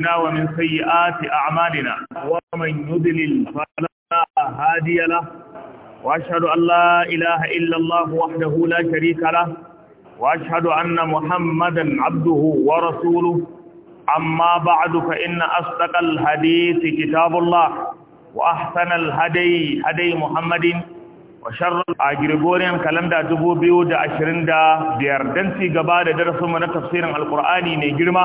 Ina wa min sayyi'ati a'malina wa man yudlil fala hadiya la wa ashhadu an la ilaha illa allah wahdahu la wa ashhadu anna muhammadan 'abduhu wa rasuluhu amma ba'du fa inna astaqal hadithi kitabullah wa ahsanal hadi hadi muhammadin wa sharral agrigorian calendar 2025 dan ci gaba da darasin mu na tafsirin alqur'ani ne girma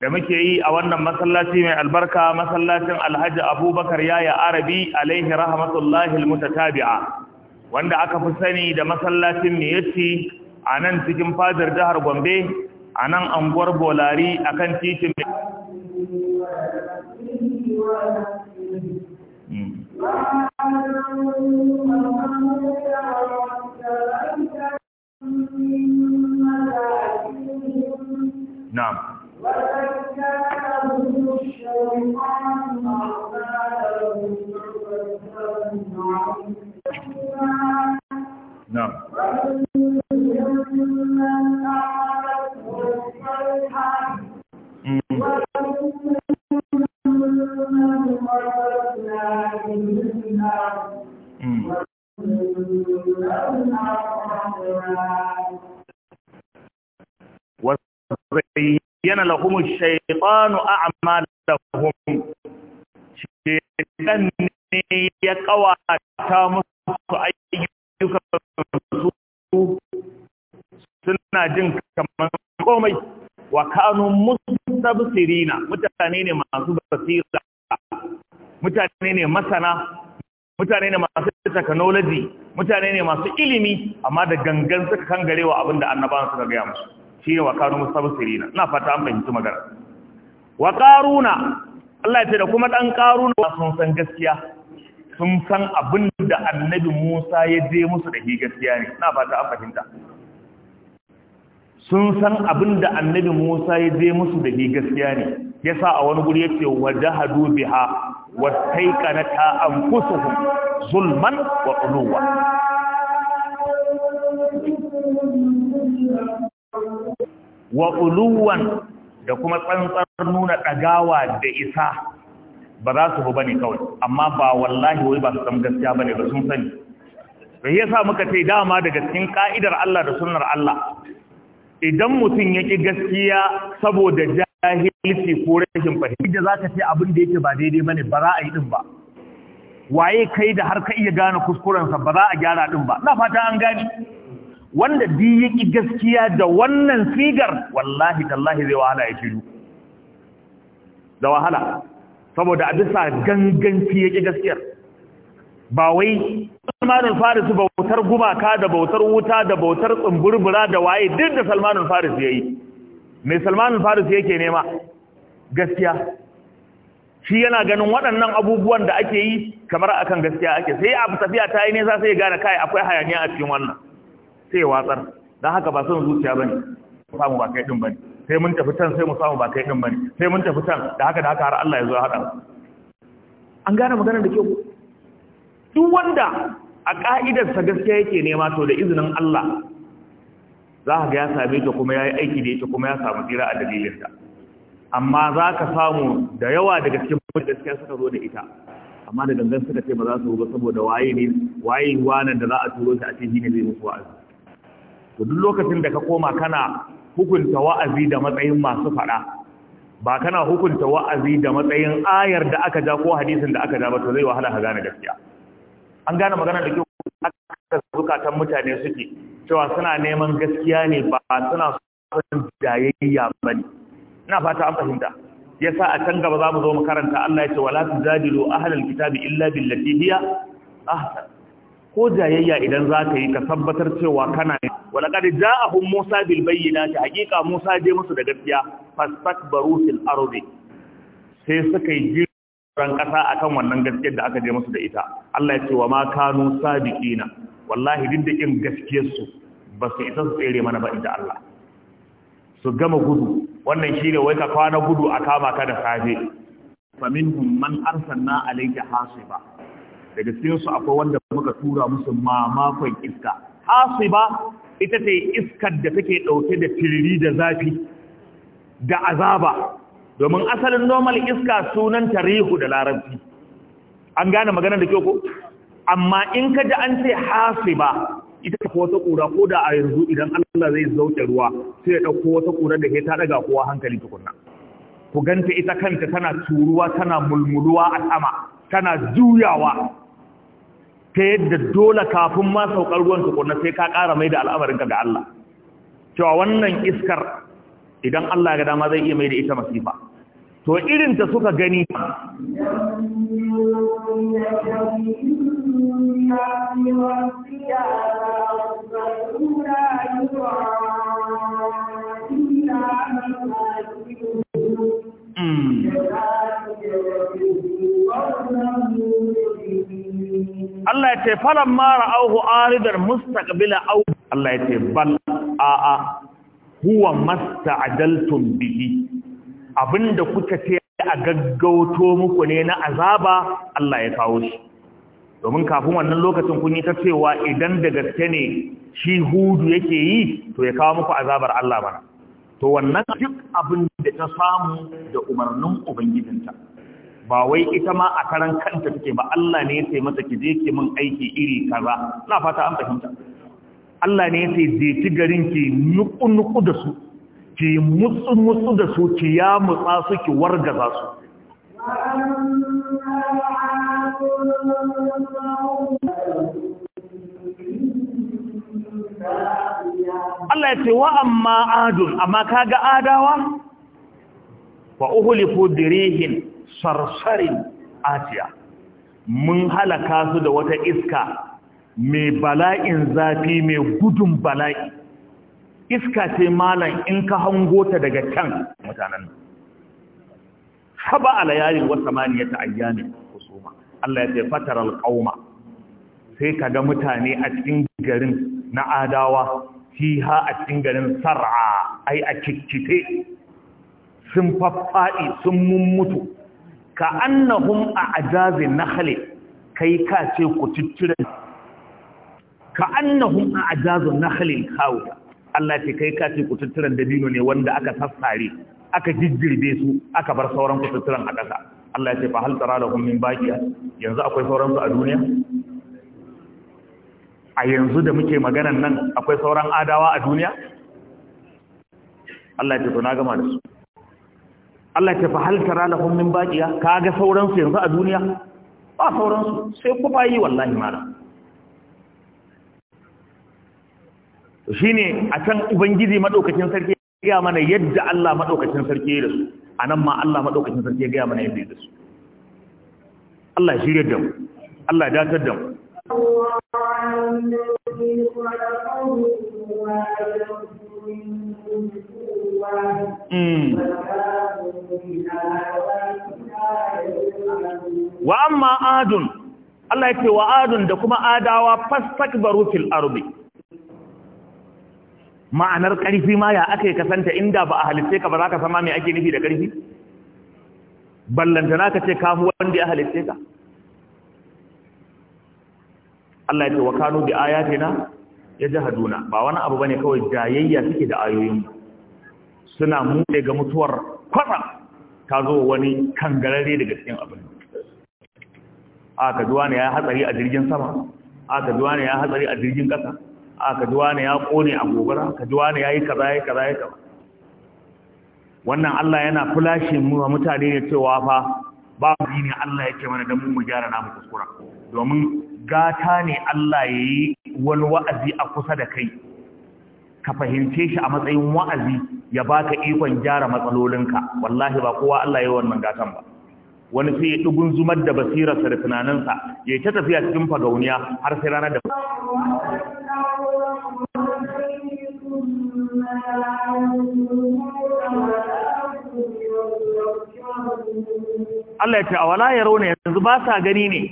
da muke yi a wannan masallaci mai albarka masallacin alhaji abubakar yaya arabi alaihi rahmatullahi almutatabi'a wanda aka fi sani da masallacin miyatti a nan cikin fadar jihar gombe a nan anguwar bolari a kan titin hmm. Na'am. نعم وزين لهم الشيطان أعمالهم lahum shedan ne ya kawata musu ayyukan su suna jin kamar komai wa kanu mustabsirina mutane ne masu basira mutane ne masana mutane ne masu technology mutane ne masu ilimi amma da gangan suka kangarewa abinda annabawan suka gaya musu shi ne wa kanu mustabsirina ina fata an fahimci magana wa ƙaruna Allah ya ce da kuma ɗan ƙaruna sun san gaskiya sun san abin da annabi Musa ya je musu da gaskiya ne na fata an fahimta sun san abin da annabi Musa ya je musu da gaskiya ne ya sa a wani guri ya ce wajahadu biha wastaiqanata anfusuhum zulman wa uluwa wa uluwan da kuma tsantsan nuna ɗagawa da isa ba za su ba bane kawai amma ba wallahi wai ba su san gaskiya bane ba sun sani da yasa muka ce dama daga cikin ka'idar Allah da sunnar Allah idan mutum ya ƙi gaskiya saboda jahilci ko rashin fahimta da ka ce abin da yake ba daidai bane ba za a yi din ba waye kai da har ka iya gane kuskurensa ba za a gyara din ba na fata an gani wanda di ya ƙi gaskiya da wannan sigar wallahi tallahi zai wahala ya shiru da wahala saboda a bisa ganganci yake gaskiyar ba wai salmanul faris bautar gumaka da bautar wuta da bautar tsumburbura da waye duk da salmanul faris yayi mai salmanul faris yake nema gaskiya shi yana ganin waɗannan abubuwan da ake yi kamar akan gaskiya ake sai a tafiya ta yi nesa sai gane kai akwai hayaniya a cikin wannan sai watsar don haka ba son zuciya bane ne, ba kai din bane sai mun tafi can sai mu samu ba kai din bane sai mun tafi can da haka da haka har Allah ya zo hada an gane maganar da kyau duk wanda a ka'idar sa gaskiya yake nema to da izinin Allah za ka ga ya same ta kuma yayi aiki da yake kuma ya samu tsira a dalilin ta amma za ka samu da yawa daga cikin mutane gaskiya suka zo da ita amma da gangan suka ce ba za su ba saboda waye ne waye wanan da za a turo shi a cikin ne zai musu a to duk lokacin da ka koma kana hukunta wa'azi da matsayin masu faɗa ba kana hukunta wa'azi da matsayin ayar da aka ja ko hadisin da aka ja ba to zai wahala ka gane gaskiya an gane magana da kyau aka zukatan mutane suke cewa suna neman gaskiya ne ba suna son jayayya ba ne ina fata an fahimta sa a can gaba za mu zo mu Allah ya ce wala a ahlal kitabi illa billati hiya ahsan ko jayayya idan za ka yi ka tabbatar cewa kana yi walakar ja'ahun musa bil bayyana ta hakika musa je musu da gaskiya fastakbaru fil ardi sai suka yi jiran kasa akan wannan gaskiyar da aka je musu da ita Allah ya ce wa ma kanu sabiqina wallahi duk da kin gaskiyar su ba su isa su tsere mana ba inda Allah su gama gudu wannan shine wai ka kwana gudu a kama ka da safe faminhum man arsalna alayka hasiba daga cikinsu akwai wanda muka tura musu mamakon iska hasiba ita ce iskar da take ɗauke da firiri da zafi da azaba domin asalin normal iska sunan tarihu da larabci an gane maganar da kyau ko amma in ka ji an ce hasiba ita ta wata ƙura ko da a yanzu idan Allah zai zauke ruwa sai ya ɗauko wata ƙura da ke ta ɗaga kowa hankali tukunna ku ganta ita kanta tana turuwa tana mulmuluwa a sama tana juyawa ta yadda dole kafin ma saukar ruwan tukunna sai ka kara mai da al'amarinka ga Allah cewa wannan iskar idan Allah ga dama zai iya mai da ita masifa to irin ta suka gani Mm. Hmm. Allah ya ce falan mara auhu aridar mustaqbila au Allah ya ce bal a'a huwa masta'ajaltum bihi abinda kuka ce a gaggauto muku ne na azaba Allah ya kawo shi domin kafin wannan lokacin kun yi ta cewa idan da gaske ne shi hudu yake yi to ya kawo muku azabar Allah bana to wannan duk abin da ta samu da umarnin ubangijinta ba wai ita ma a karan kanta take ba Allah ne ya ce mata ki je ki min aiki iri kaza na fata an fahimta Allah ne ya ce je ki garin ki nuku nuku da su ki mutsu mutsu da su ki ya mutsa su ki wargaza su Allah ya ce wa amma adun amma kaga adawa wa uhulifu dirihin sarsarin asiya mun halaka su da wata iska mai bala'in zafi mai gudun bala'i iska ce malam in ka hango ta daga can mutanen haba a layarin wata maniya ta kusuma Allah ya ce fatar alƙauma sai ka ga mutane a cikin garin na adawa ha a cikin garin sar'a ai a kikkite sun faffaɗi sun mummutu ka annahum a ajazin na kai ka ce ku tuttura ka annahum a ajazin nakhli khawda Allah ce kai ka ce ku kututturan dabino ne wanda aka sassare aka jijjirbe su aka bar sauran ku kututturan a ƙasa Allah ce fa hal tara lahum min baqiya yanzu akwai sauran su a duniya a yanzu da muke maganan nan akwai sauran adawa a duniya Allah ya ce to na gama da su Allah ta fa hal tara lahum min baqiya kaga sauran su yanzu a duniya ba sauran su sai ku yi, wallahi mara to shine a can ubangiji madaukakin sarki ya mana yadda Allah madaukakin sarki ya su anan ma Allah madaukakin sarki ya ga mana yadda ya su Allah ya shirye da mu Allah ya datar da mu Allah Hmm. wa amma adun Allah yake wa adun da kuma adawa fastakbaru fil ardi ma'anar karfi ma ya akai kasanta inda ba a halitta ka ba za ka sama me ake nufi da karfi ballantana ka ce kafu wanda ya halitta ka Allah yake wa kanu bi ayatina yajhaduna ba wani abu bane kawai jayayya suke da ayoyin mu suna mude ga mutuwar kwatsa ta zo wani kan galare daga cikin abin aka duwa ne ya hatsari a jirgin sama aka duwa ne ya hatsari a jirgin ƙasa aka duwa ne ya kone a gobara aka duwa ne ya yi kaza ya kaza ya kaza wannan Allah yana fulashin mu mutane ne cewa fa babu ne Allah yake mana dan mu gyara namu kuskura domin gata ne Allah yayi wani wa'azi a kusa da kai ka fahimce shi a matsayin wa'azi ya baka ikon gyara matsalolinka wallahi ba kowa Allah ya wannan gatan ba wani sai ya dugun zumar da basirarsa da tunaninsa ya ta tafiya cikin fagauniya har sai ranar da Allah ya ce a ya rauna yanzu ba sa gani ne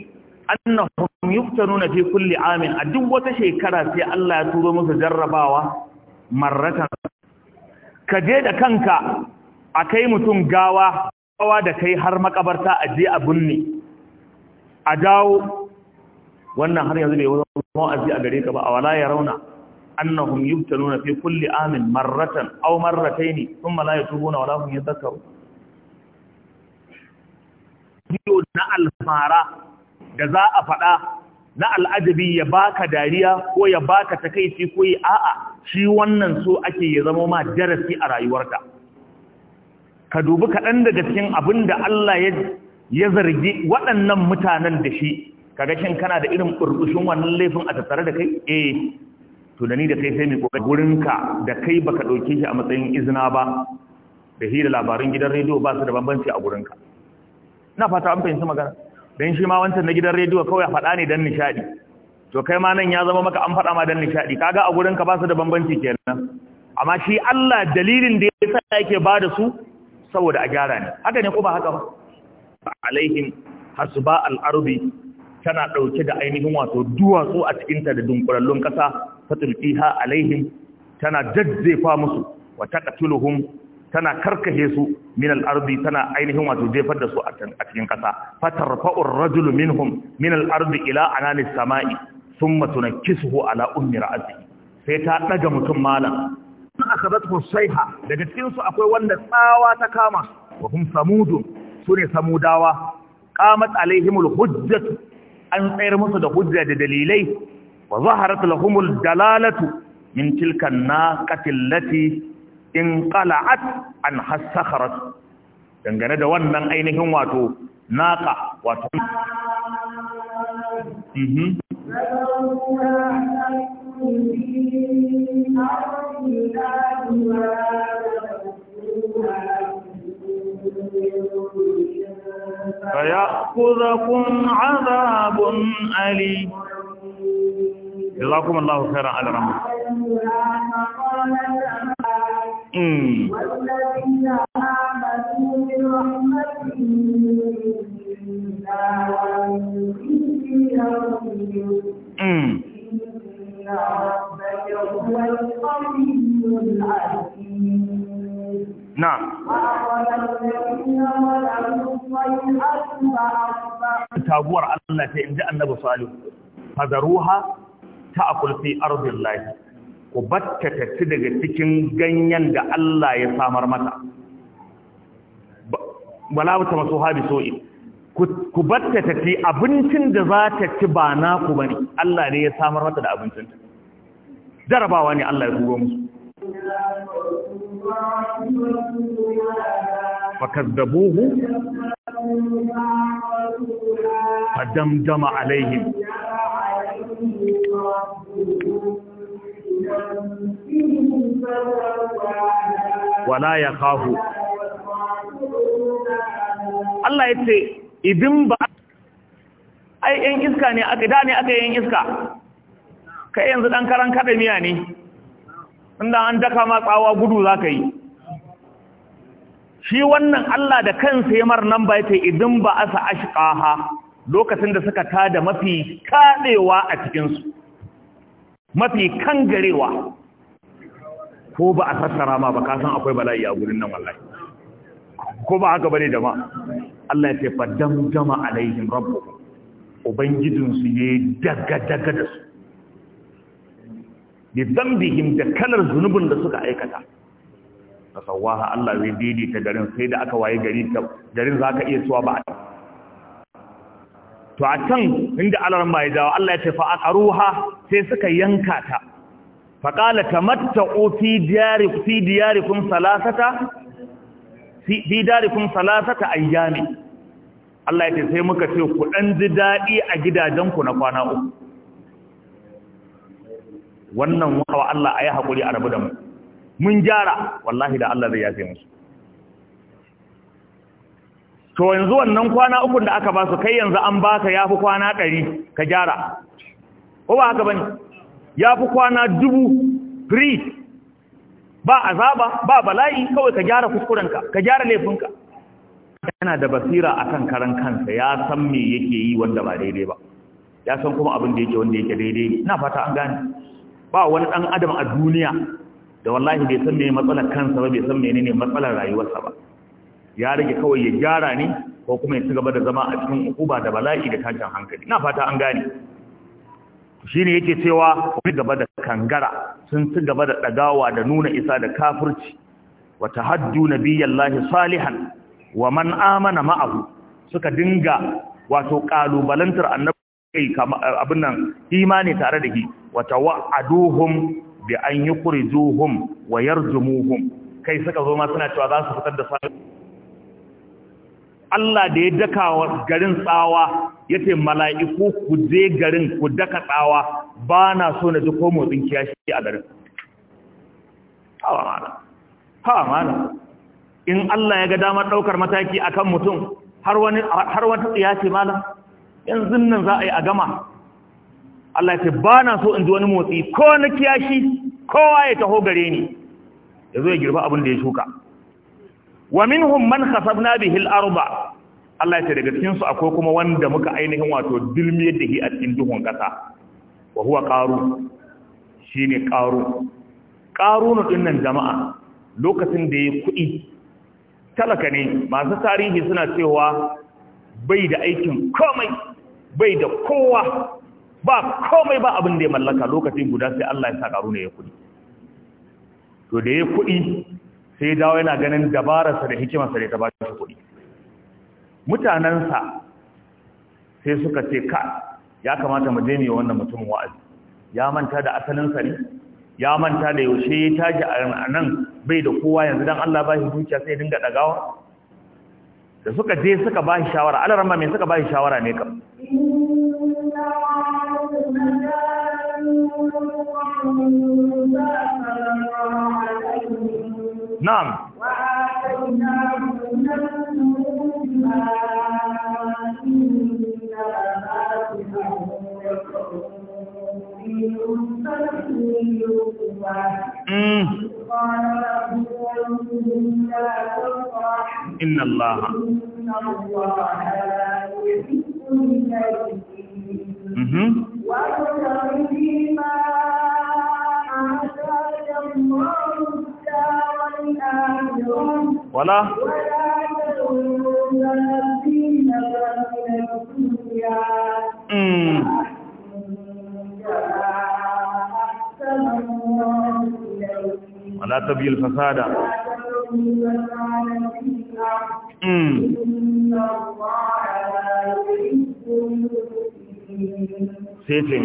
annahum yuftanuna fi kulli amin a duk wata shekara sai Allah ya turo musu jarrabawa marratan ka je da kanka a kai mutum gawa gawa da kai har makabarta a je a binne a dawo wannan har yanzu bai wani ma'azi a gare ka ba a wala ya rauna annahum yubtaluna fi kulli amin marratan aw marrataini thumma la yatubuna wala hum yadhakkaru biyo na alfara da za a faɗa na al'ajabi ya baka dariya ko ya baka takaici ko yi a'a shi wannan so ake ya zama ma darasi a rayuwarka ka dubi kaɗan daga cikin abin da Allah ya zargi waɗannan mutanen da shi kaga shin kana da irin burbushin wannan laifin a tattare da kai eh to da da kai sai mai kokari gurinka da kai baka dauke shi a matsayin izina ba da hira labarin gidan rediyo ba su da bambanci a gurinka na fata an fahimci magana dan shi ma wancan na gidan rediyo kawai faɗa ne dan nishadi to kai ma nan ya zama maka an faɗa ma dan nishadi kaga a gurin ka ba su da bambanci kenan amma shi Allah dalilin da yasa yake ba da su saboda a gyara ne haka ne ko ba haka ba alaihim hasba al-ardi tana dauke da ainihin wato duwatsu a cikin ta da dunkurallun kasa fatulqiha alaihim tana jajjefa musu wa taqtuluhum tana karkashe su min al-ardi tana ainihin wato jefar da su a cikin kasa fatarfa'ur rajulu minhum min al-ardi ila anani sama'i ثم تنكسه على أم رأسه فيتأتج مكمالا أخذته الصيحة لقد تنسوا أخوة وانا تاوى تكاما وهم ثمود سوني ثموداوا قامت عليهم الحجة أن غير مصد حجة دليلي وظهرت لهم الدلالة من تلك الناقة التي انقلعت عن حسخرت دنگنا دا وانا اينهم واتو ناقة واتو فيأخذكم عذاب أليم جزاكم الله خيرا على رحمه والذين آمنوا Allah ce in ji annabi salihu fadaruha ta'kul fi ardillahi ku batta ta ci daga cikin ganyen da Allah ya samar mata wala wata masu habi so'i ku batta ta ci abincin da za ta ci ba na ku bane Allah ne ya samar mata da abincin ta jarabawa ne Allah ya turo musu fakazzabuhu fadamdama alaihim wala ya kahu Allah ya ce idin ba ai yan iska ne aka da ne aka yan iska kai yanzu dan karan kada miya ne inda an daka ma tsawa gudu za ka yi shi wannan Allah da kansa ya nan ba yace idan ba asa ashqaha lokacin da suka tada mafi kadewa a cikin su mafi kangarewa ko ba a sassara ma ba ka san akwai bala'i a gurin nan wallahi ko ba haka bane jama'a Allah ya ce fa damdama alaihim rabbu ubangijin su yi daga daga da su bi zambihim da kalar zunubin da suka aikata da sawaha Allah zai daidaita garin sai da aka waye gari garin za ka iya suwa ba to a can inda alaran ma ya Allah ya ce fa aqaruha sai suka yanka ta fa qala tamatta'u fi diyari fi diyarikum salasata fi darikum salasata ayyami Allah ya ce sai muka ce ku ɗan ji daɗi a gidajen ku na kwana uku wannan wa Allah ayi hakuri a rabu da mu mun gyara wallahi da Allah zai yafe musu to yanzu wannan kwana uku da aka ba su kai yanzu an ba ka yafi kwana ɗari ka gyara ko ba haka bane yafi kwana dubu free ba azaba ba bala'i kawai ka gyara kuskurenka ka gyara laifinka yana da basira akan karan kansa ya san me yake yi wanda ba daidai ba ya san kuma abin da yake wanda yake daidai ina fata an gane ba wani dan adam a duniya da wallahi bai san me matsalar kansa ba bai san menene matsalar rayuwarsa ba ya rage kawai ya gyara ne ko kuma ya ci gaba da zama a cikin ukuba da bala'i da tashin hankali na fata an gane shine yake cewa ci gaba da kangara sun ci gaba da dagawa da nuna isa da kafirci wa tahaddu nabiyallahi salihan wa man amana ma'ahu suka dinga wato kalubalantar annabi eh, abin nan imani tare da shi wa tawa'aduhum bi an yukhrijuhum wa yarjumuhum kai suka zo ma suna cewa za su fitar da sai Allah da ya daka garin tsawa yace mala'iku ku je garin ku daka tsawa ba na so na ji ko motsin kiyashi a garin ha mana mana in Allah ya ga damar daukar mataki akan mutum har wani har wata tsiya ce yanzu nan za a yi a gama Allah ce ba na so in ji wani motsi ko na kiyashi kowa ya taho gare ni ya zo ya girba abin da ya shuka wa minhum man khasabna bihi al arba. Allah ya ce daga cikin su akwai kuma wanda muka ainihin wato dilmi yadda hi a cikin duhun kasa wa huwa qaru shine qaru na dinnan jama'a lokacin da ya kuɗi talaka ne masu tarihi suna cewa bai da aikin komai bai da kowa ba komai ba abin da ya mallaka lokacin guda sai Allah ya sa ne ya kudi to da ya kudi sai ya dawo yana ganin dabararsa da hikimarsa da ta ba shi kudi mutanensa sai suka ce ka ya kamata mu je ne wannan mutumin wa'azi ya manta da asalin sa ne ya manta da yaushe ya taji a nan bai da kowa yanzu dan Allah ba shi dukiya sai dinga dagawa da suka je suka ba shi shawara alaran me suka ba shi shawara ne kam نعم إن الله وَأَنْتَ بِمَا ولا ولا تبي الفساد سيتم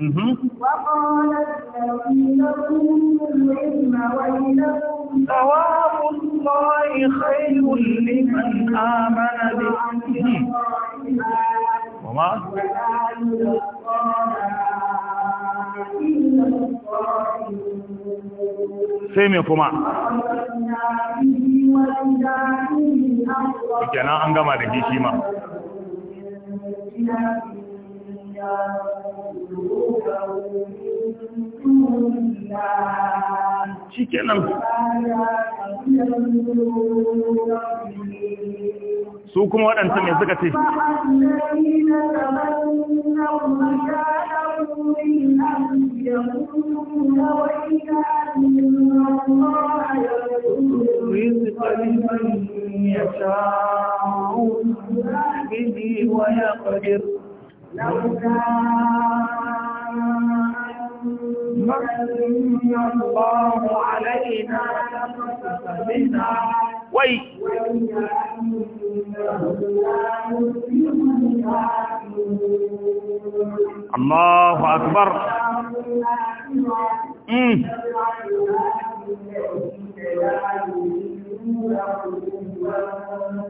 Mm-hmm. Sai mai kuma. Ikena an gama da gishi ma. shi kenan su kuma waɗanta mai suka ce يشاء لو من الله علينا لفسدنا وي الله أكبر مم.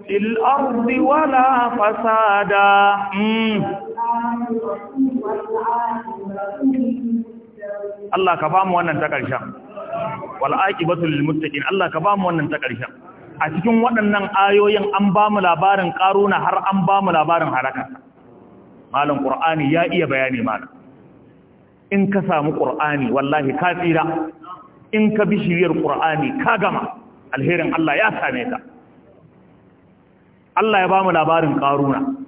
في الأرض ولا فسادا مم. Allah ka ba mu wannan ta ƙarshen Wal’aƙi ba su muttaqin Allah ka ba mu wannan ta ƙarshen a cikin waɗannan ayoyin an ba mu labarin ƙaruna har an ba mu labarin haraka malam ƙur'ani ya iya bayani mana. in ka samu ƙur'ani wallahi ka tsira in ka bi shiriyar ƙur'ani ka gama alherin Allah ya same ka Allah ya ba mu labarin ƙaruna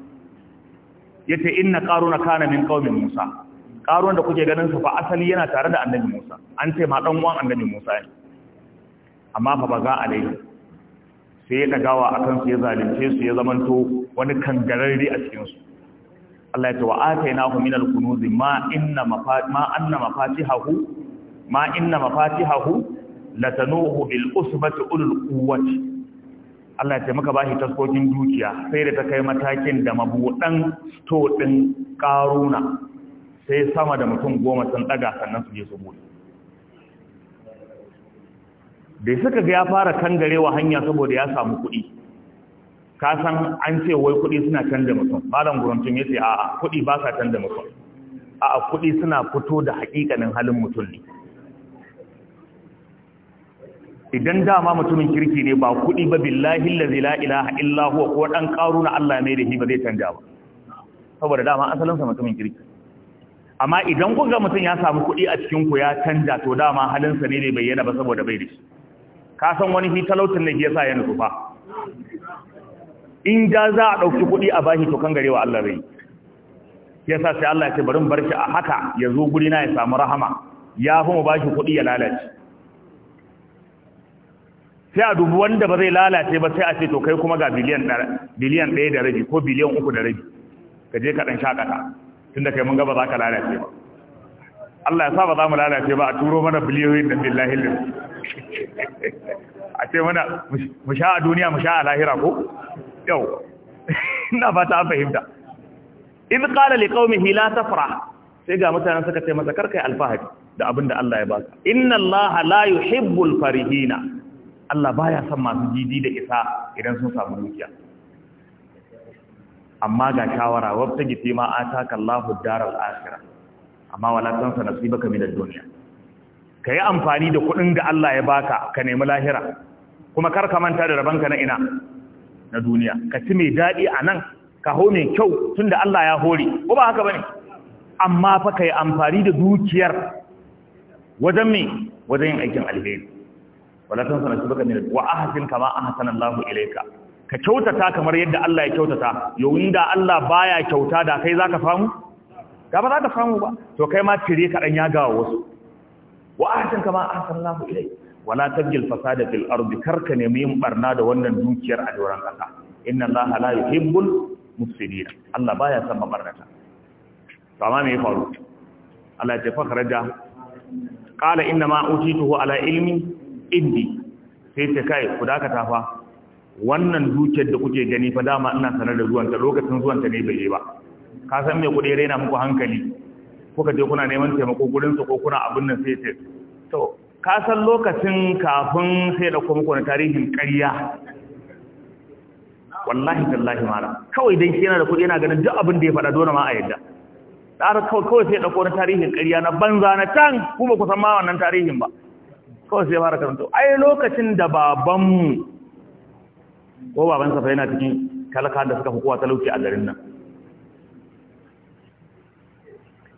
yace inna qaruna kana min qaumin musa qarun da kuke ganin sa fa asali yana tare da annabi musa an ce ma dan uwan annabi musa ne amma fa baga alai sai ya ɗagawa akan su ya zalunce su ya zamanto wani kan kangararri a cikin su Allah ya ce wa na min minal kunuz ma inna ma anna mafatihahu ma inna mafatihahu latanuhu bil usbati ulul quwwati Allah ya taimaka bashi taskokin dukiya sai da ta kai matakin da mabuɗan to ɗin ƙaruna sai sama da mutum goma sun ɗaga sannan su je su buɗe da suka ga ya fara kangarewa hanya saboda ya samu kuɗi ka san an ce wai kuɗi suna canza mutum malam gurancin ya ce a'a kuɗi ba sa canza mutum a'a kuɗi suna fito da haƙiƙanin halin mutum ne idan dama mutumin kirki ne ba kuɗi ba billahi lazi la ilaha illa huwa ko dan karu na Allah mai da shi ba zai canja ba saboda dama asalin sa mutumin kirki amma idan kuga mutum ya samu kuɗi a cikin ku ya canja to dama halin sa ne ne bayyana ba saboda bai da shi ka san wani shi talautin ne yasa ya nufa in da za a dauki kuɗi a bashi to kan garewa Allah bai yasa sai Allah ya ce bari mu a haka ya zo guri na ya samu rahama ya fi mu bashi kuɗi ya lalace sai a dubu wanda ba zai lalace ba sai a ce to kai kuma ga biliyan ɗaya da rabi ko biliyan uku da rabi ka je ka ɗan shakata tunda kai mun ga ba za ka lalace ba Allah ya sa ba za mu lalace ba a turo mana biliyoyin da billahi lim a ce mana mu sha a duniya mu sha a lahira ko yau ina ba ta fahimta in qala liqaumihi la tafrah sai ga mutanen suka ce masa karkai alfahari da abin da Allah ya baka inna Allah la yuhibbul farihina Allah baya son masu jiji da isa idan sun samu dukiya amma ga shawara wata gifi ma a taka Allahu darar asira. amma wala nasu baka min duniya. Ka yi amfani da kuɗin da Allah ya baka ka nemi lahira kuma kar ka manta da rabanka na ina na duniya ka ci mai daɗi a nan, ka ho mai kyau tun da Allah ya hori, ko ba haka ba ne? amma fa ka yi amfani da dukiyar wajen mai wajen yin aikin alheri wala tan sana shubaka min wa ahsin kama ahsana Allah ilayka ka kyautata kamar yadda Allah ya kyautata yawun da Allah baya kyauta da kai zaka famu. ga ba zaka famu ba to kai ma cire ka dan ya ga wasu wa ahsin kama ahsana Allah ilayka wala tabjil fasada fil ardi karka nemi yin barna da wannan dukiyar a doran kasa inna Allah la yuhibbul mufsidin Allah baya son mabarnata to amma me ya faru Allah ya tafi kharaja qala inna ma utituhu ala ilmi indi sai ta kai ku ka tafa. wannan dukiyar da kuke gani fa dama ina sanar da zuwanta lokacin zuwanta ne bai yi ba ka san me kuɗi raina muku hankali kuka je kuna neman taimako gurin su ko kuna abin nan sai ce to ka san lokacin kafin sai da kuma kuna tarihin ƙarya wallahi tallahi mara. kawai dai shi yana da kuɗi yana ganin duk abin da ya faɗa dole ma a yadda tsara kawai sai da kuma tarihin ƙarya na banza na can kuma kusan ma wannan tarihin ba kawai sai fara karanto ai lokacin da babanmu ko baban safa yana cikin talaka da suka hukuwa talauci a garin nan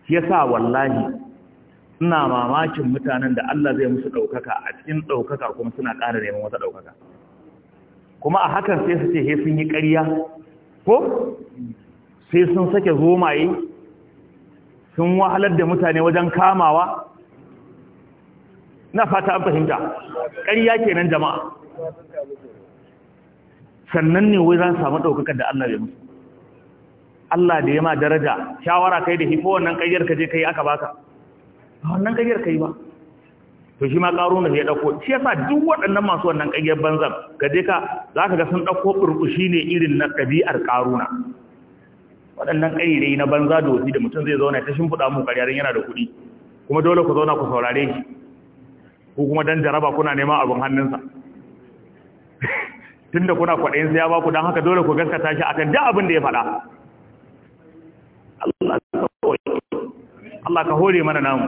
shi yasa wallahi ina mamakin mutanen da Allah zai musu ɗaukaka a cikin ɗaukaka kuma suna ƙara neman wata ɗaukaka kuma a hakan sai su ce he sun yi ƙarya ko sai sun sake zomaye sun wahalar da mutane wajen kamawa na fata an fahimta ƙarya kenan jama'a sannan ne wai za su samu ɗaukakar da Allah bai Allah da ya ma daraja shawara kai da hifo wannan ƙayyar ka je kai aka baka ba wannan ka yi ba to shi ma ƙaro na ya ɗauko shi sa duk waɗannan masu wannan ƙayyar banzan ka je ka za ka ga sun ɗauko ɓurɓushi ne irin na ɗabi'ar ƙaruna waɗannan yi na banza da wasi da mutum zai zauna ta shimfiɗa mu ƙaryarin yana da kuɗi kuma dole ku zauna ku saurare shi ko kuma dan jaraba kuna neman abin hannunsa tunda kuna kwaɗayin sai ya ba ku don haka dole ku gaskata shi akan duk abin da ya faɗa Allah ka hore mana namu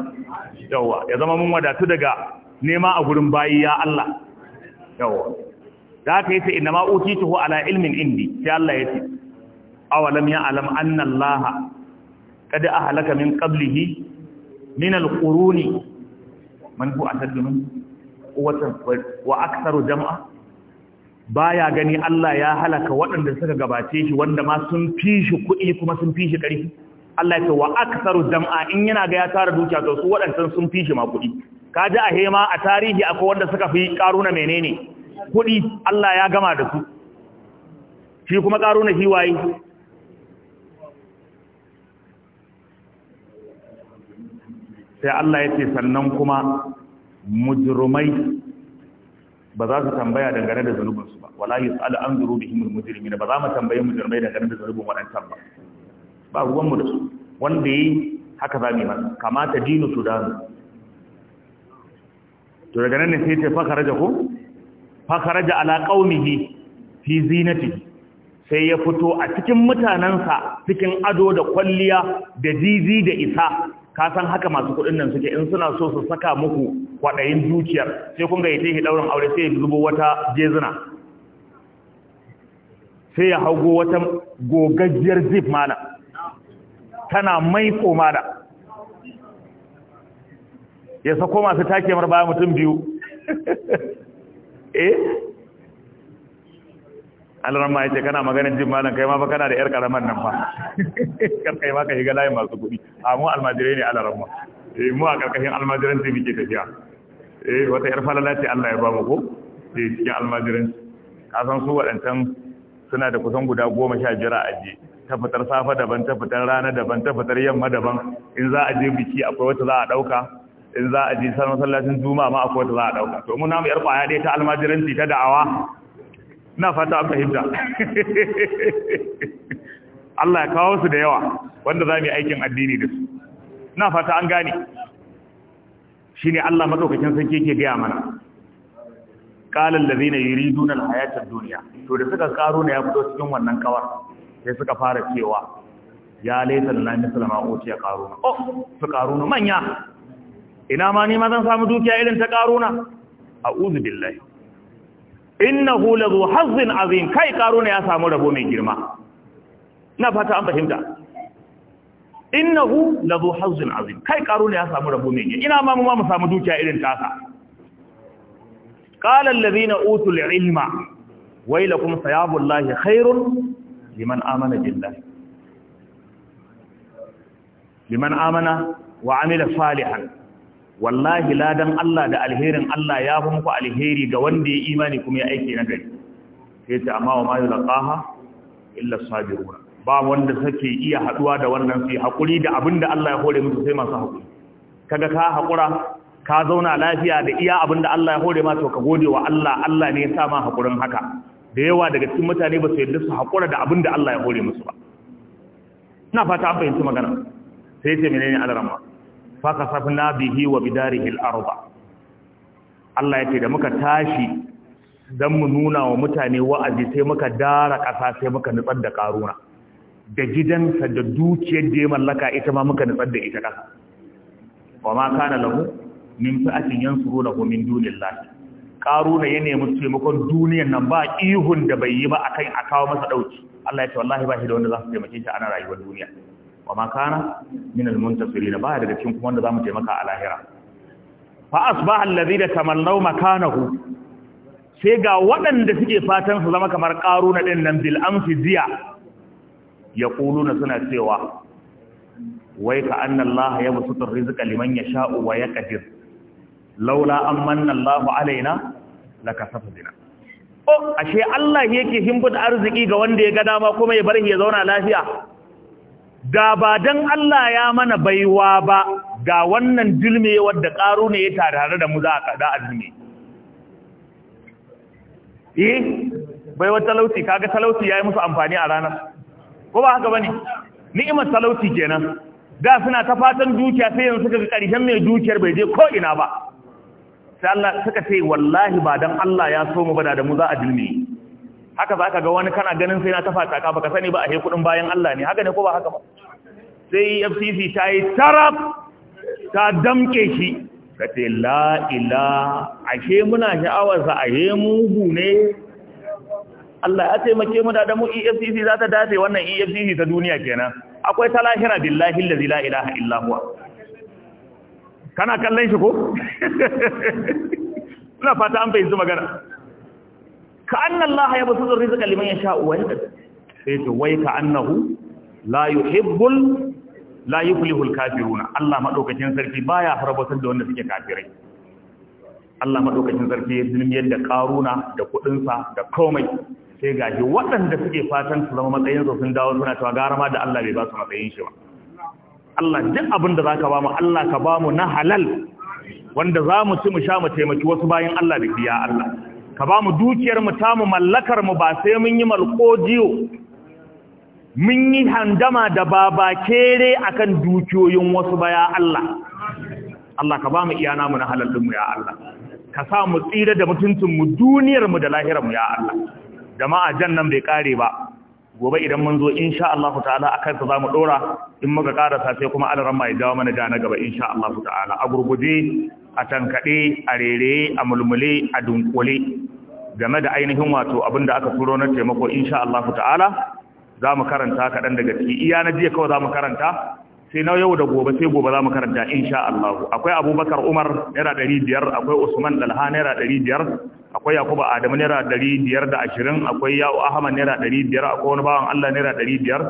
yawa ya zama mun wadatu daga nema a gurin bayi ya Allah yawa da aka yace inna ma utituhu ala ilmin indi sai Allah yace awalam ya alam anna Allah qad ahlaka min qablihi min alquruni man hu ashaddu wa aktharu jama'a baya gani Allah ya halaka waɗanda suka gabace shi wanda ma sun fi shi kuɗi kuma sun fi shi ƙarfi Allah ya ce wa aktharu jama'a in yana ga ya tara dukiya to su waɗancan sun fi shi ma kuɗi ji a hema a tarihi akwai wanda suka fi karuna menene kuɗi Allah ya gama da su shi kuma karuna shi waye sai Allah ya ce sannan kuma mujrumai ba za su tambaya dangane da zanubinsu ba wala yi an zuru da himar mujirmi ba za mu tambaye mujirmai dangane da zanubin waɗancan ba ba ruwanmu da su wanda yi haka za mu yi masa kamata dinu su da to daga nan ne sai ce fakara ja ku? fakara ja ala qaumihi fi zinati sai ya fito a cikin mutanansa cikin ado da kwalliya da jizi da isa ka san haka masu kuɗin nan suke in suna so su saka muku kwaɗayin dukiyar sai kun gayyace shi ɗaurin aure sai ya zubo wata jezuna sai ya hago wata gogajiyar zip mana tana mai mana. ya sako masu take mar baya mutum biyu eh alaran ma yace kana maganin jin malam kai ma fa kana da yar karamar nan fa kar kai ma ka shiga layin masu kuɗi a mu almajirai ne alaran ma eh mu a karkashin almajiran sai muke tafiya eh wata yar falala ce Allah ya ba mu ko eh cikin almajiran ka san su waɗancan suna da kusan guda goma sha biyar a je ta fitar safa daban ta fitar rana daban ta fitar yamma daban in za a je biki akwai wata za a ɗauka in za a je salon sallacin juma'a ma akwai wata za a ɗauka to mu namu yar kwaya dai ta almajiranci ta da'awa na fata an fahimta Allah ya kawo su da yawa wanda za mu yi aikin addini da su na fata an gane shi ne Allah matsaukakin sarki ke gaya mana ƙalar da zina yiri dunar hayatar duniya to da suka karo na ya fito cikin wannan kawar sai suka fara cewa ya laifar na misalama oci ya karo na oh su karo na manya ina ma ni ma zan samu dukiya irin ta karo na a uzu billahi innahu lazu hazzin azim kai karuna ya samu rabo mai girma ina fata an fahimta innahu lazu hazzin azim kai karuna ya samu rabo mai girma ina ma mu ma mu samu dukiya irin tasa qala allazina utul ilma wailakum sayabullahi khairun liman amana billahi liman amana wa amila salihan wallahi ladan Allah da alherin Allah ya fi muku alheri ga wanda ya imani kuma ya aiki na gari sai ta amma wa ma yulqaha illa sabiruna ba wanda suke iya haduwa da wannan sai haƙuri da abinda Allah ya hore musu sai masu haƙuri. kaga ka haƙura ka zauna lafiya da iya abinda Allah ya hore ma to ka gode wa Allah Allah ne ya sa ma haƙurin haka da yawa daga cikin mutane ba su yarda su hakura da abinda Allah ya hore musu ba ina fata an fahimci magana sai ce menene alarama fakasafna bihi wa bidarihi al-arba Allah ya ce da muka tashi dan mu nuna wa mutane wa'azi sai muka dara ƙasa sai muka nutsar da karuna da gidansa da dukiyar da ya mallaka ita ma muka nutsar da ita ƙasa wa ma kana lahu min fa'atin yansurunahu min dunillahi karuna ya nemi taimakon duniyar nan ba ihun da bai yi ba akan a kawo masa dauki Allah ya ce wallahi ba shi da wanda za su taimake shi ana rayuwar duniya wa makana, kana min al ba daga cikin kuma wanda zamu taimaka a lahira fa asbaha alladhina tamannaw makanahu sai ga waɗanda suke fatan su zama kamar ƙaruna ɗin nan bil amsi jiya ya suna cewa wai ka annan laha ya musutar rizika liman ya sha wa ya ƙadir laula an mannan alaina la kasafa o oh, ashe Allah yake himbud arziki ga wanda ya ga dama kuma ya bar ya zauna lafiya da ba dan Allah ya mana baiwa ba ga wannan dilme wadda ƙaru ne ya tare da mu za a kada azumi eh baiwa talauci kaga talauci yayi musu amfani a ranar ko ba haka bane ni'imar talauci kenan da suna ta fatan dukiya sai yanzu suka ga ƙarshen mai dukiyar bai je ko ina ba sai Allah suka ce wallahi ba dan Allah ya so mu bada da mu za a dilme haka za ka ga wani kana ganin sai na tafa taka baka sani ba a he kudin bayan Allah ne haka ne ko ba haka ba sai FCC ta yi taraf ta damke shi ka ce la'ila ashe muna sha'awarsa ashe mugu ne Allah ya taimake mu da damu EFCC za ta dace wannan EFCC ta duniya kenan akwai ta lahira billahi allazi la ilaha illa huwa kana kallon shi ko ina fata an bai zuma magana ka basu yabsutu rizqa liman yasha wa yaqdir sai ta wai ka annahu la layu la kafiruna Allah madaukakin sarki baya farbatar da wanda suke kafirai Allah madaukakin sarki ya zulmiyar da karuna da kuɗinsa, da komai sai gashi waɗanda suke fatan su zama matsayinsa sun dawo suna cewa gara ma da Allah bai ba su matsayin shi ba Allah duk abin da zaka ba mu Allah ka ba mu na halal wanda za mu ci mu sha mu taimaki wasu bayan Allah da biya Allah ka ba mu ta mu mallakarmu mallakar mu ba sai mun yi malkojiyo mun yi handama da baba kere akan dukiyoyin wasu ba ya Allah Allah ka ba mu iyana mu na halallin ya Allah ka sa mu tsira da mutuncin mu duniyar mu da lahirar mu ya Allah jama'a jannan bai kare ba gobe idan mun zo insha Allah ta'ala akan za zamu dora in muka karasa sai kuma alaran mai dawo mana da na gaba insha Allah ta'ala a gurguje a tankaɗe a rere a mulmule a dunkule game da ainihin wato abin da aka turo na taimako insha Allah ta'ala za mu karanta kaɗan daga ciki iya na jiya kawai za mu karanta sai na yau da gobe sai gobe za mu karanta insha Allah akwai abubakar umar naira ɗari biyar akwai usman dalha naira ɗari biyar akwai yakuba adamu naira ɗari biyar da ashirin akwai yawo ahmad naira ɗari biyar akwai wani bawan allah naira ɗari biyar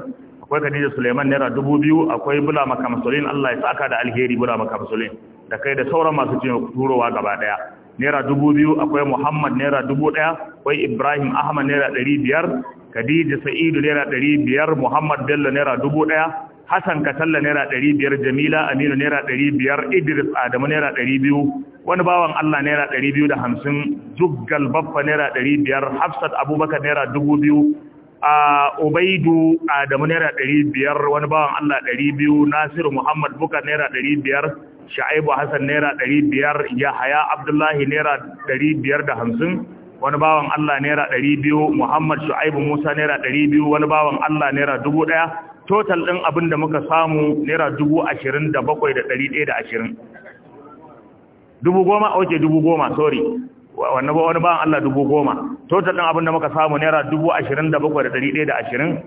akwai khadija suleiman naira dubu biyu akwai bula makamsulin allah ya saka da alheri bula makamsulin da kai da sauran masu ce turowa gaba daya naira dubu biyu akwai muhammad naira dubu daya akwai ibrahim ahmad naira ɗari biyar khadija sa'idu naira ɗari biyar muhammad bello naira dubu daya Hassan Katalla Naira ɗari biyar, Jamila Aminu Naira ɗari biyar, Idris Adamu Naira ɗari biyu, wani bawan Allah Naira ɗari biyu da hamsin, Juggal Baffa Naira ɗari biyar, Hafsat Abubakar Naira dubu biyu, a Ubaidu Adamu Naira ɗari biyar, wani bawan Allah ɗari biyu, Nasiru Muhammad Bukar Naira ɗari biyar, sha'ibu hassan naira ɗari biyar yahaya abdullahi naira ɗari biyar da hamsin wani bawan allah naira ɗari biyu muhammad sha'ibu musa naira ɗari biyu wani bawan allah naira dubu ɗaya total ɗin abin da muka samu naira dubu ashirin da bakwai da ɗari ɗaya da ashirin dubu goma oke dubu goma sorry wani bawan allah dubu goma total ɗin abin da muka samu naira dubu ashirin da bakwai da ɗari ɗaya da ashirin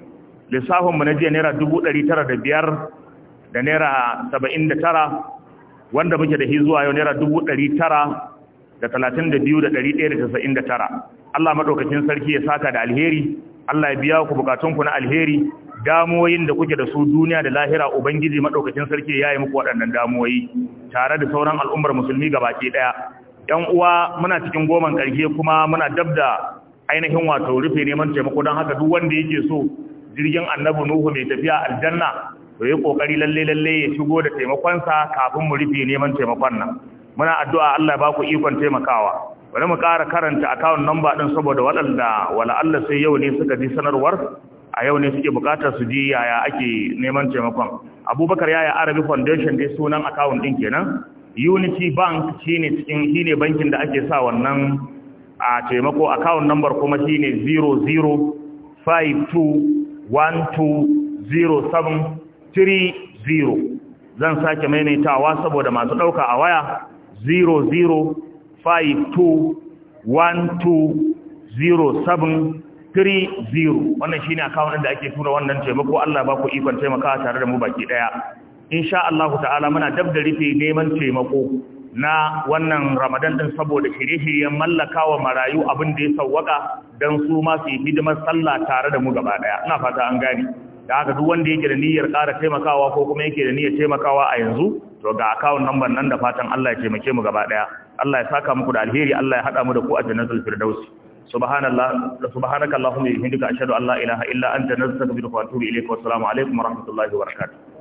lissafinmu na jiya naira dubu ɗari tara da biyar da naira saba'in da tara wanda muke da shi zuwa yau naira dubu ɗari tara da talatin da biyu da ɗari ɗaya da tasa'in da tara Allah maɗaukacin sarki ya saka da alheri Allah ya biya ku bukatunku na alheri damuwoyin da kuke da su duniya da lahira ubangiji maɗaukacin sarki ya yi muku waɗannan damuwoyi tare da sauran al'ummar musulmi gabaki ɗaya ‘yan uwa muna cikin goman ƙarshe kuma muna dab da ainihin wato rufe neman taimako don haka duk wanda yake so jirgin annabi nuhu mai tafiya aljanna to yi kokari lalle lalle ya shigo da taimakon sa kafin mu rufe neman taimakon nan muna addu'a Allah ba ku ikon taimakawa bari mu ƙara karanta account number din saboda waɗanda wala Allah sai yau ne suka ji sanarwar a yau ne suke bukatar su ji yaya ake neman taimakon abubakar yaya arabi foundation dai sunan account din kenan unity bank shine cikin shine bankin da ake sa wannan a taimako account number kuma shine 00521207 30 zan sake maimaitawa saboda masu ɗauka a waya 0052120730 wannan shine akawun da ake tura wannan taimako Allah ba ku ikon taimakawa tare da mu baki daya insha Allah ta'ala muna dab da rufe neman taimako na wannan Ramadan din saboda shirye-shiryen mallakawa marayu abin da ya sawwaka dan su ma yi hidimar sallah tare da mu gaba ɗaya. ina fata an gane da haka duk wanda yake da niyyar ƙara taimakawa ko kuma yake da niyyar taimakawa a yanzu to ga account number nan da fatan Allah ya taimake mu gaba daya Allah ya saka muku da alheri Allah ya hada mu da ku a jannatul firdaus subhanallah subhanakallahumma wa bihamdika ashhadu an la ilaha illa anta nastaghfiruka wa atubu ilayk wa assalamu alaikum wa rahmatullahi wa barakatuh